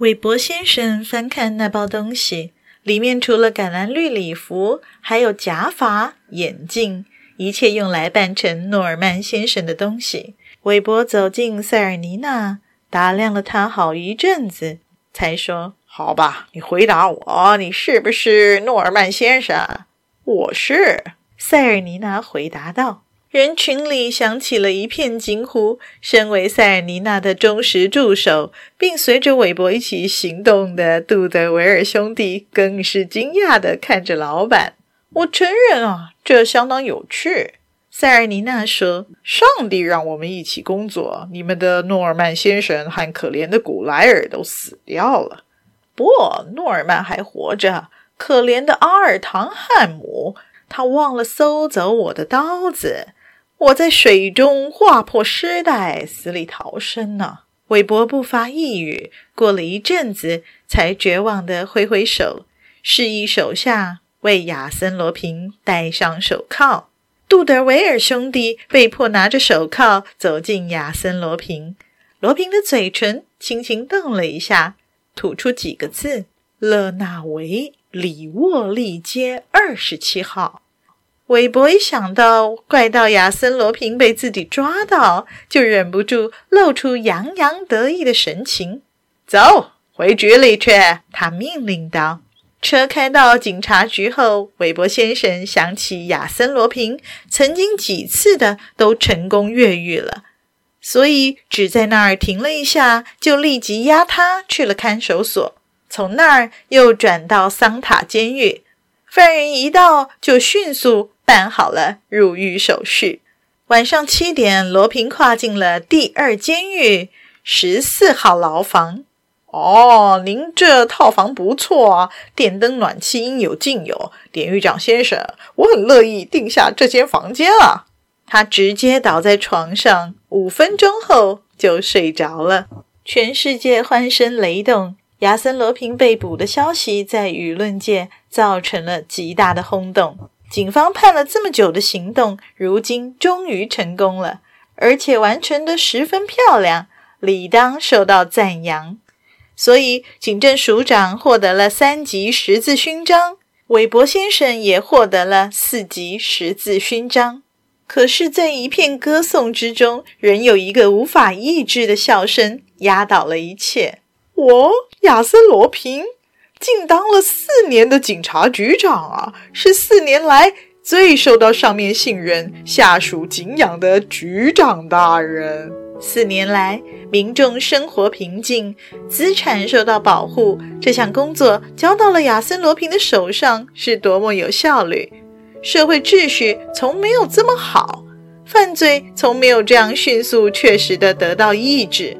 韋伯先生翻看那包東西，裡面除了橄欖綠禮服，還有假髮、眼鏡，一切用來扮成諾爾曼先生的東西。韋伯走進塞爾尼娜，打量了他好一陣子，才說：“好吧，你回答我，你是不是諾爾曼先生？”“我是。”塞爾尼娜回答道。人群裡響起了一片驚呼。身為塞爾尼娜的忠實助手，並隨着韋伯一起行動的杜德維爾兄弟，更是驚訝地看着老板。我承認啊，這相當有趣。塞爾尼娜說：“上帝讓我們一起工作。你們的諾爾曼先生和可憐的古萊爾都死掉了。不，諾爾曼還活着。可憐的阿爾唐漢姆，他忘了搜走我的刀子。”我在水中劃破屍袋，死裡逃生呢、啊。韋伯不發一語，過了一陣子，才絕望地揮揮手，示意手下為亞森·羅平戴上手銬。杜德維爾兄弟被迫拿着手銬走近亞森·羅平，羅平的嘴唇輕輕動了一下，吐出幾個字：“勒納維里沃利街二十七號。”韋伯一想到怪盜亞森羅平被自己抓到，就忍不住露出洋洋得意的神情。走，回局裡去，他命令道。車開到警察局後，韋伯先生想起亞森羅平曾經幾次的都成功越獄了，所以只在那兒停了一下，就立即押他去了看守所。從那兒又轉到桑塔監獄，犯人一到就迅速。辦好了入獄手續，晚上七點，羅平跨進了第二監獄十四號牢房。哦，您這套房不錯啊，電燈、暖氣應有盡有。典獄長先生，我很樂意定下這間房間啊。他直接倒在床上，五分鐘後就睡着了。全世界歡聲雷動，亞森羅平被捕的消息在輿論界造成了極大的轟動。警方盼了這麼久的行動，如今終於成功了，而且完成得十分漂亮，理當受到讚揚。所以，警政署長獲得了三級十字勳章，韋伯先生也獲得了四級十字勳章。可是，在一片歌頌之中，仍有一個無法抑制的笑聲壓倒了一切。我、哦，亞瑟·羅蘋。竟當了四年的警察局長啊！是四年來最受到上面信任、下屬敬仰的局長大人。四年來，民眾生活平靜，資產受到保護。這項工作交到了亞森·羅平的手上，是多麼有效率！社會秩序從沒有這麼好，犯罪從沒有這樣迅速、確實地得到抑制。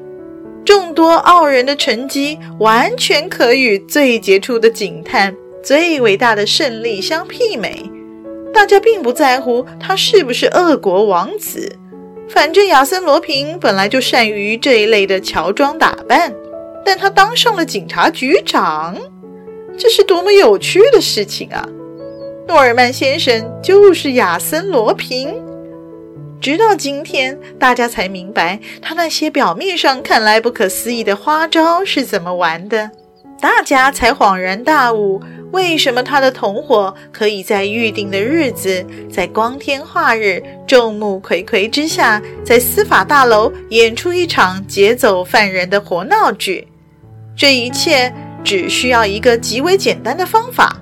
眾多傲人的成績，完全可與最傑出的警探、最偉大的勝利相媲美。大家並不在乎他是不是俄國王子，反正亞森羅平本來就善於這一類的喬裝打扮。但他當上了警察局長，這是多麼有趣的事情啊！諾爾曼先生就是亞森羅平。直到今天，大家才明白他那些表面上看來不可思議的花招是怎麼玩的。大家才恍然大悟，為什麼他的同夥可以在預定的日子，在光天化日、眾目睽睽之下，在司法大樓演出一場劫走犯人的活鬧劇。這一切只需要一個極為簡單的方法，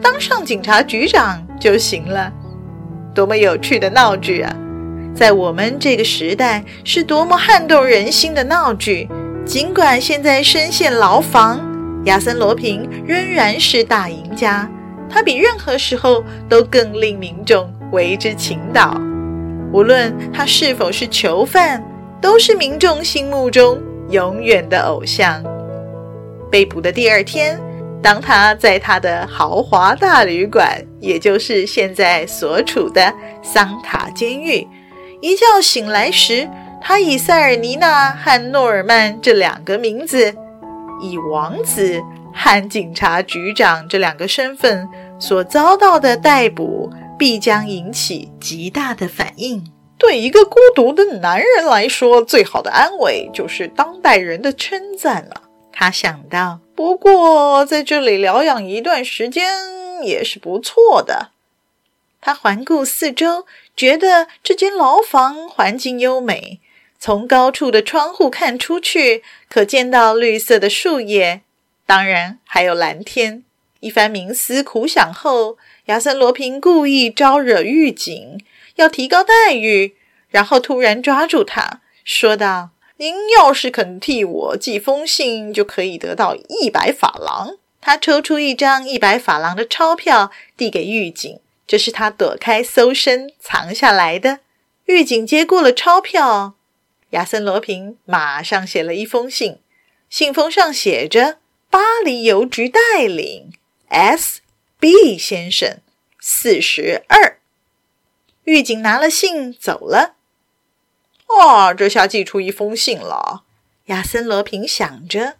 當上警察局長就行了。多麼有趣的鬧劇啊！在我們這個時代，是多麼撼動人心的鬧劇！儘管現在身陷牢房，亞森·羅平仍然是大贏家。他比任何時候都更令民眾為之傾倒。無論他是否是囚犯，都是民眾心目中永遠的偶像。被捕的第二天，當他在他的豪華大旅館，也就是現在所處的桑塔監獄。一覺醒來時，他以塞爾尼娜和諾爾曼這兩個名字，以王子和警察局長這兩個身份所遭到的逮捕，必將引起極大的反應。對一個孤獨的男人來說，最好的安慰就是當代人的稱讚了。他想到，不過在這裡療養一段時間也是不錯的。他環顧四周，覺得這間牢房環境優美。從高處的窗戶看出去，可見到綠色的樹葉，當然還有藍天。一番冥思苦想後，亞森·羅平故意招惹獄警，要提高待遇，然後突然抓住他，說道：“您要是肯替我寄封信，就可以得到一百法郎。”他抽出一張一百法郎的鈔票，遞給獄警。這是他躲開搜身藏下來的。獄警接過了鈔票，亞森·羅平馬上寫了一封信，信封上寫着“巴黎郵局代領，S.B. 先生，四十二”。獄警拿了信走了。哦，這下寄出一封信了，亞森·羅平想着，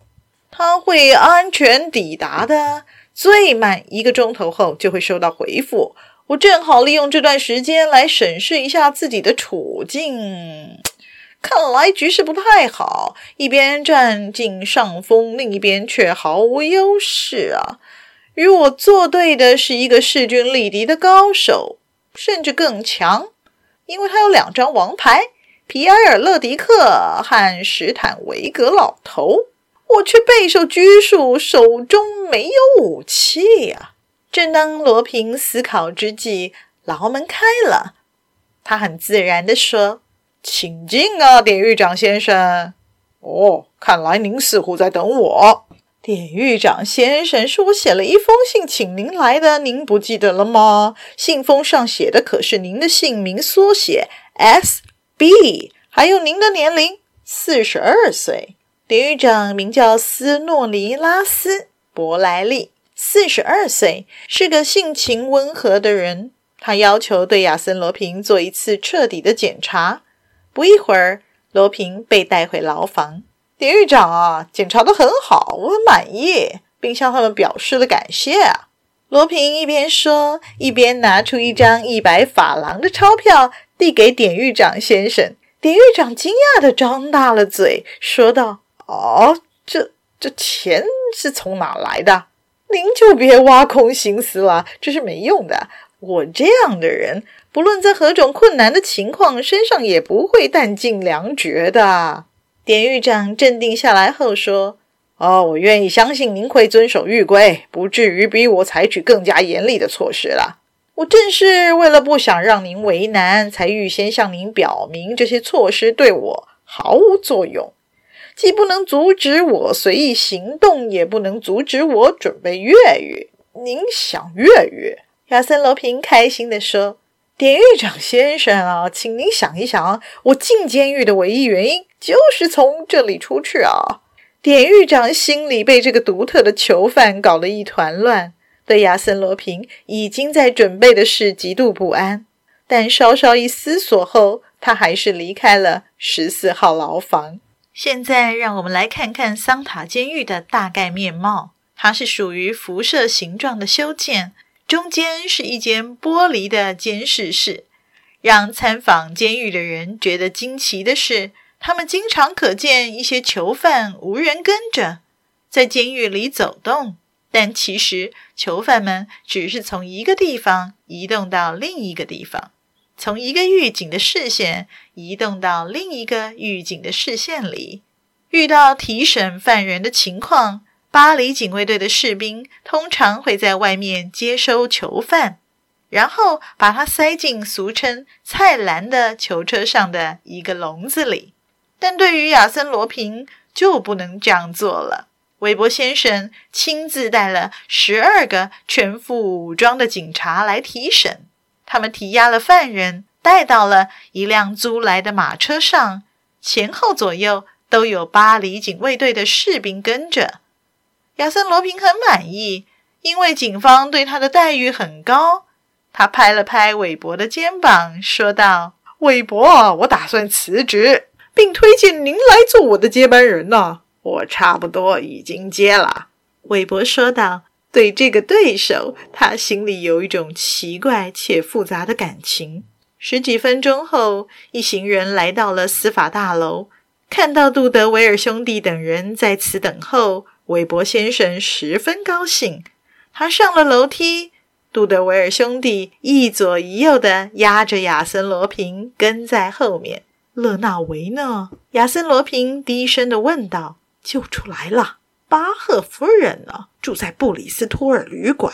他會安全抵達的，最慢一個鐘頭後就會收到回復。我正好利用這段時間來審視一下自己的處境。看來局勢不太好，一邊占盡上風，另一邊卻毫無優勢啊！與我作對的是一個勢均力敵的高手，甚至更強，因為他有兩張王牌：皮埃爾·勒迪克和史坦維格老頭。我卻備受拘束，手中沒有武器呀、啊。正當羅蘋思考之際，牢門開了。他很自然地說：“請進啊，典獄長先生。”“哦，看來您似乎在等我。”“典獄長先生，是我寫了一封信請您來的，您不記得了嗎？信封上寫的可是您的姓名縮寫 SB，還有您的年齡，四十二歲。典獄長名叫斯諾尼拉斯·伯萊利。”四十二歲，是個性情溫和的人。他要求對亞森·羅平做一次徹底的檢查。不一會兒，羅平被帶回牢房。典獄長啊，檢查得很好，我很滿意，並向他們表示了感謝啊。羅平一邊說，一邊拿出一張一百法郎的鈔票，遞給典獄長先生。典獄長驚訝地張大了嘴，說道：“哦，這這錢是從哪來的？”您就別挖空心思了，這是沒用的。我這樣的人，不論在何種困難的情況，身上也不會彈盡糧絕的。典獄長鎮定下來後說：“哦，我願意相信您會遵守獄規，不至於逼我採取更加嚴厲的措施了。我正是為了不想讓您為難，才預先向您表明這些措施對我毫無作用。”既不能阻止我隨意行動，也不能阻止我準備越獄。您想越獄？亞森羅平開心地說：“典獄長先生啊，請您想一想啊，我進監獄的唯一原因就是從這裡出去啊。”典獄長心裡被這個獨特的囚犯搞得一團亂，對亞森羅平已經在準備的事極度不安，但稍稍一思索後，他還是離開了十四號牢房。現在讓我們來看看桑塔監獄的大概面貌。它是屬於輻射形狀的修建，中間是一間玻璃的監視室。讓參訪監獄的人覺得驚奇的是，他們經常可見一些囚犯無人跟着，在監獄裡走動，但其實囚犯們只是從一個地方移動到另一個地方。從一個獄警的視線移動到另一個獄警的視線裡，遇到提審犯人的情況，巴黎警衛隊的士兵通常會在外面接收囚犯，然後把他塞進俗稱“菜籃”的囚車上的一個籠子裡。但對於亞森·羅平，就不能這樣做了。韋伯先生親自帶了十二個全副武裝的警察來提審。他們提押了犯人，帶到了一輛租來的馬車上，前後左右都有巴黎警衛隊的士兵跟着。亞森·羅平很滿意，因為警方對他的待遇很高。他拍了拍韋伯的肩膀，說道：“韋伯，我打算辭職，並推薦您來做我的接班人呢。啊，我差不多已經接了。”韋伯說道。對這個對手，他心裡有一種奇怪且複雜的感情。十幾分鐘後，一行人來到了司法大樓，看到杜德維爾兄弟等人在此等候，韋伯先生十分高興。他上了樓梯，杜德維爾兄弟一左一右地壓着亞森·羅平跟在後面。勒納維呢？亞森·羅平低聲地問道：“救出來了。”巴赫夫人呢？住在布里斯托爾旅館。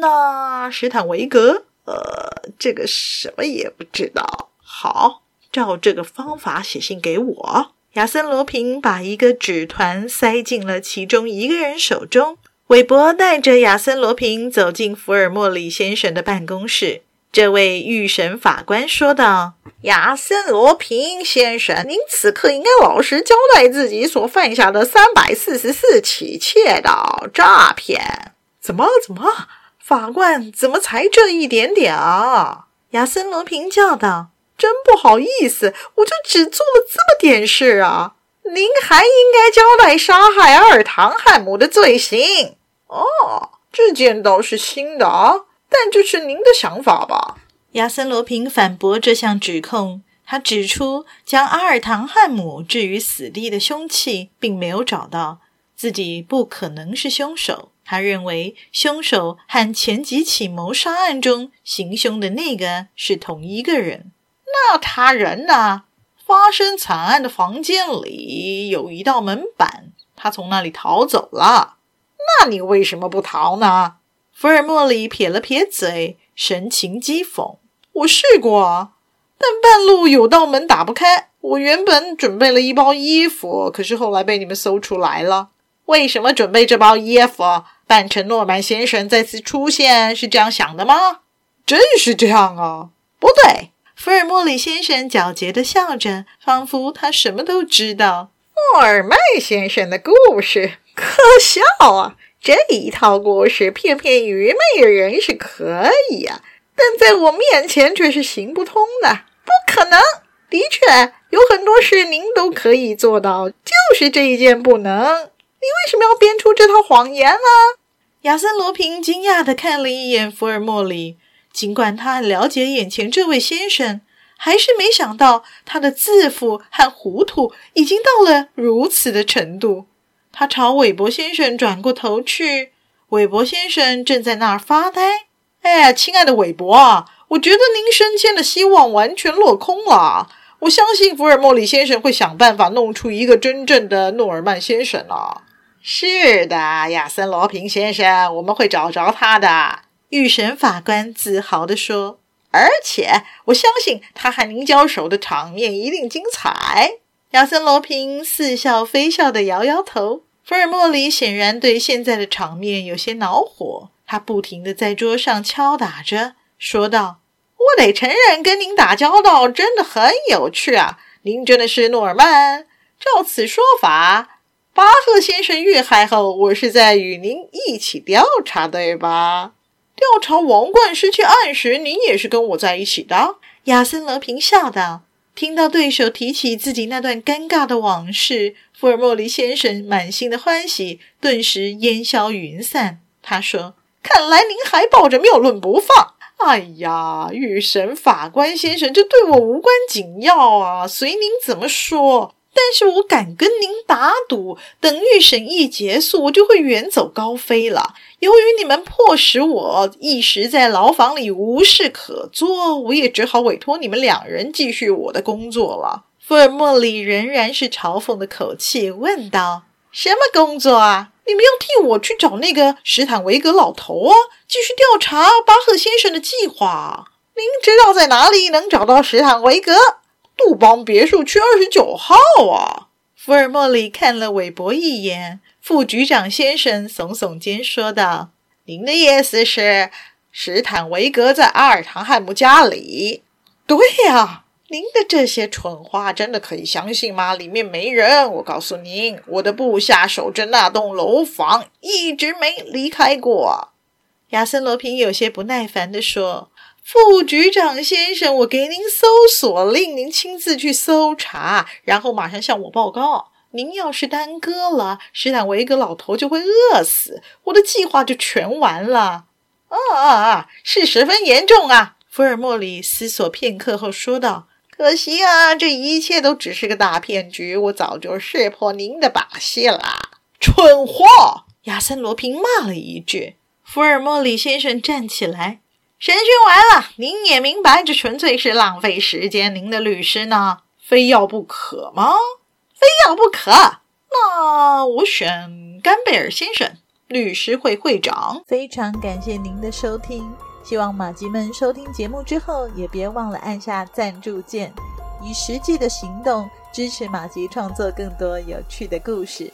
那史坦維格，呃，這個什麼也不知道。好，照這個方法寫信給我。亞森·羅平把一個紙團塞進了其中一個人手中。韋伯帶着亞森·羅平走進福爾莫里先生的辦公室。這位預審法官說道：“亞森·羅平先生，您此刻應該老實交代自己所犯下的三百四十四起竊盜、詐騙。怎麼？怎麼？法官怎麼才這一點點啊？”亞森·羅平叫道：“真不好意思，我就只做了這麼點事啊！您還應該交代殺害阿爾唐漢姆的罪行。哦，這件倒是新的啊。”但這是您的想法吧？亞森·羅平反駁這項指控。他指出，將阿爾唐漢姆置於死地的凶器並沒有找到，自己不可能是凶手。他認為，凶手和前幾起謀殺案中行凶的那個是同一個人。那他人呢？發生慘案的房間裡有一道門板，他從那裡逃走了。那你為什麼不逃呢？福爾摩里撇了撇嘴，神情譏諷：“我試過啊，但半路有道門打不開。我原本準備了一包衣服，可是後來被你們搜出來了。為什麼準備這包衣服？扮成諾曼先生再次出現，是這樣想的嗎？真是這樣啊。不對，福爾摩里先生狡黠地笑着，仿佛他什麼都知道。諾爾曼先生的故事，可笑啊！”這一套故事騙騙愚昧的人是可以呀、啊，但在我面前卻是行不通的，不可能。的確，有很多事您都可以做到，就是這一件不能。你為什麼要編出這套謊言呢？啊？亞森·羅蘋驚訝地看了一眼福爾摩里，儘管他很了解眼前這位先生，還是沒想到他的自負和糊塗已經到了如此的程度。他朝韋伯先生轉過頭去，韋伯先生正在那兒發呆。哎呀，親愛的韋伯啊，我覺得您升遷的希望完全落空了。我相信福爾摩里先生會想辦法弄出一個真正的諾爾曼先生了。是的，亞森·羅平先生，我們會找着他的。預審法官自豪地說，而且我相信他和您交手的場面一定精彩。亞森·羅平似笑非笑地搖搖頭，福爾摩斯顯然對現在的場面有些惱火，他不停地在桌上敲打着，說道：“我得承認，跟您打交道真的很有趣啊！您真的是諾爾曼？照此說法，巴赫先生遇害後，我是在與您一起調查，對吧？調查王冠失竊案時，您也是跟我在一起的。”亞森·羅平笑道。聽到對手提起自己那段尷尬的往事，福爾摩里先生滿心的歡喜頓時煙消雲散。他說：“看來您還抱着謬論不放。”哎呀，預審法官先生，這對我無關緊要啊，隨您怎麼說。但是我敢跟您打賭，等預審一結束，我就會遠走高飛了。由於你們迫使我一時在牢房裡無事可做，我也只好委托你們兩人繼續我的工作了。福爾莫里仍然是嘲諷的口氣問道：“什麼工作啊？你們要替我去找那個史坦維格老頭哦、啊，繼續調查巴赫先生的計劃。您知道在哪裡能找到史坦維格？”不邦別墅區二十九號啊！福爾摩里看了韋伯一眼，副局長先生聳聳肩說道：“您的意、YES、思是，史坦維格在阿爾唐漢姆家裡？”“對呀、啊，您的這些蠢話真的可以相信嗎？”“裡面沒人，我告訴您，我的部下守着那棟樓房，一直沒離開過。”亞森羅平有些不耐煩地說。副局長先生，我給您搜索令，您親自去搜查，然後馬上向我報告。您要是耽擱了，史坦維格老頭就會餓死，我的計劃就全完了。啊啊啊！是十分嚴重啊！福爾摩裡思索片刻後說道：“可惜啊，這一切都只是個大騙局，我早就識破您的把戲了。”蠢貨！亞森羅平罵了一句。福爾摩裡先生站起來。審訊完了，您也明白，這純粹是浪費時間。您的律師呢，非要不可嗎？非要不可。那我選甘貝爾先生，律師會會長。非常感謝您的收聽，希望馬吉們收聽節目之後也別忘了按下贊助鍵，以實際的行動支持馬吉創作更多有趣的故事。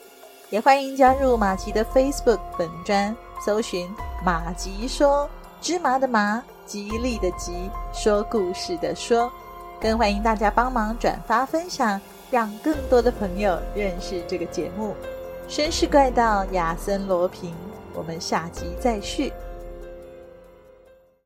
也歡迎加入馬吉的 Facebook 粉專，搜尋“馬吉說”。芝麻的麻，吉利的吉，說故事的說，更歡迎大家幫忙轉發分享，讓更多的朋友認識這個節目。紳士怪盜亞森羅蘋，我們下集再續。